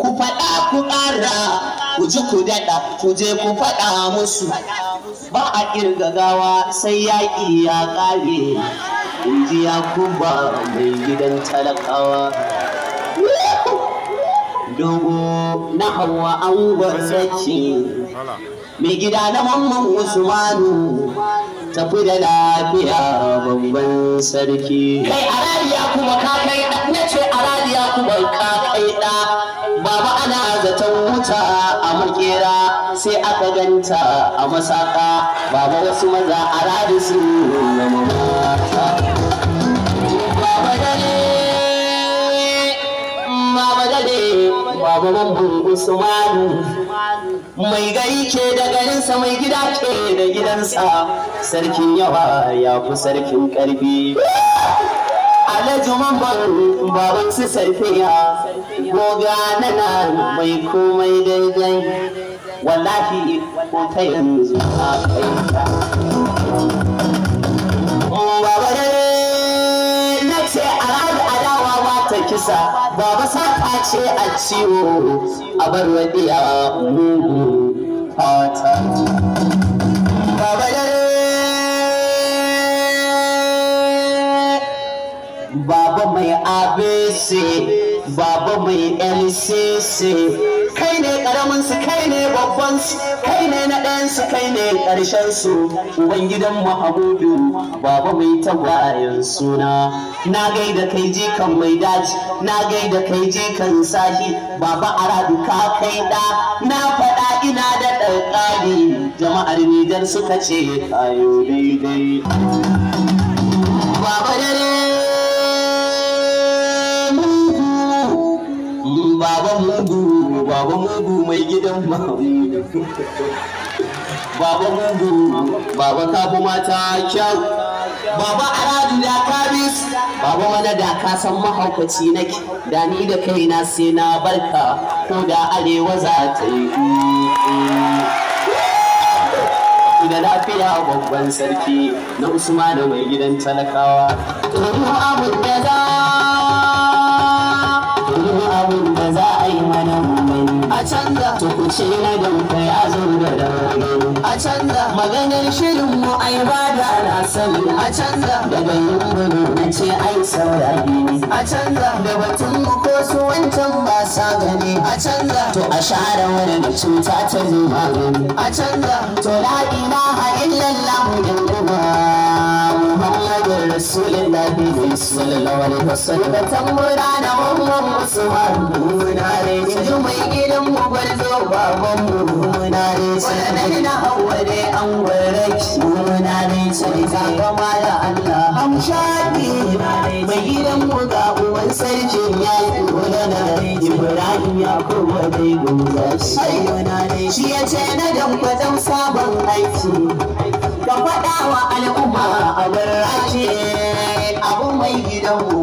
Ku faɗa ku ƙara, ku ji ku daɗa, ku je ku faɗa musu. Ba a ƙirga gawa sai yaƙi ya ƙare, in ji ya mai gidan talakawa. Dogo na hawa an gwarzace. mai gida na mamman usmanu tafi da lafiya babban sarki kai a rariya kuma ka kai da na ce rariya kuma ka kai da baba ana zaton wuta a makera sai aka ganta a masaka baba wasu maza a aradi su baba mambu usmanu mai gari ke da garinsa mai gida ke da gidansa sarkin yawa ya fi sarkin karfi alhaji mamban baban su ya goga na na mai komai daidai wallahi ko ta yanzu a kai kisa baba saka ce a ciwo a bar wani a mugu fata baba dare baba mai abc baba mai LCC kai ne karamin kai ne babban kai ne na ɗayan su kai ne ƙarshen su ubangidan Mahamudu baba mai tagwayen suna na gaida kai jikan mai daji na gaida kai jikan sahi baba aradu ka kai da na faɗa ina da ɗarƙari jama'ar Nijar suka ce kayo daidai baba dare mugu baba mugu mai gidan baba mugu baba kabu mata kyau baba aradu da kabis baba mana da ka san mahaukaci nake da ni da kaina sai na barka ko da arewa za ta yi da lafiya babban sarki na usmanu mai gidan talakawa Tsoron abin da ganin mani a canza tukuce na dauka a zanga da rani a canza maganar shirin mu ai ba da na sani a canza daga yin gudu na ce ai saurari a canza da batun mu ko su wancan ba sa gani a canza to a share wani da cuta ta zo magani a canza to na rasulillah bi sallallahu alaihi wasallam tambura da ji mai gidan mu na awwale an sai ta da Allah mai gidan mu ga uban ya kula da Ibrahim ya kuma dai shi shi ya ce na dan kwatan sabon aiki ka faɗa wa al'umma a é o então,